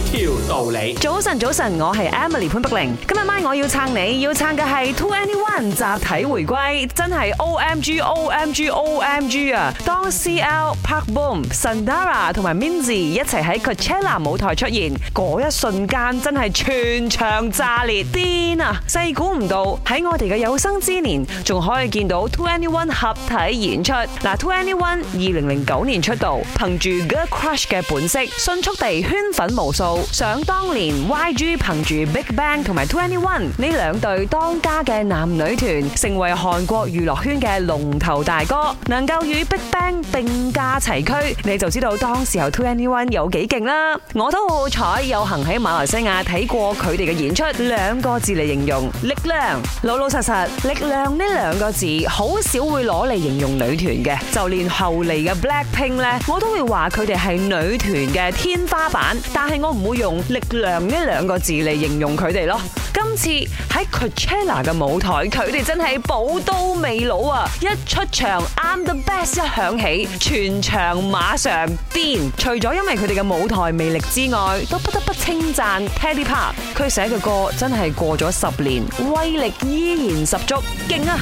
條道理。早晨，早晨，我係 Emily 潘北靈。今日晚我要撐你，要撐嘅係 2NE1 集體回歸，真係 OMG OMG OMG 啊！當 CL Park Boom、Sandara 同埋 Minzy 一齊喺 Coachella 舞台出現嗰一瞬間，真係全場炸裂癲啊！細估唔到喺我哋嘅有生之年，仲可以見到 2NE1 合體演出。嗱，2NE1 二零零九年出道，憑住 Girl Crush 嘅本色，迅速地圈粉無數。想當年 YG 憑住 BigBang 同埋 Twenty One 呢兩隊當家嘅男女團，成為韓國娛樂圈嘅龍頭大哥，能夠與 BigBang 並駕齊驅，你就知道當時候 Twenty One 有幾勁啦！我都好彩，有幸喺馬來西亞睇過佢哋嘅演出，兩個字嚟形容，力量，老老實實，力量呢兩個字好少會攞嚟形容女團嘅，就連後嚟嘅 Blackpink 呢，我都會話佢哋係女團嘅天花板，但係我。唔會用力量呢兩個字嚟形容佢哋咯。今次喺 Coachella 嘅舞台，佢哋真係寶刀未老啊！一出場，I Am The Best 一響起，全場馬上癲。除咗因為佢哋嘅舞台魅力之外，都不得不稱讚 Teddy Park。佢寫嘅歌真係過咗十年，威力依然十足，勁啊！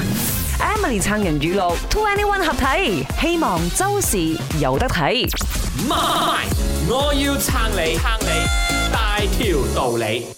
Emily 撐人語錄，to anyone 合體，希望周氏有得睇。媽，我要撐你，撐你大條道理。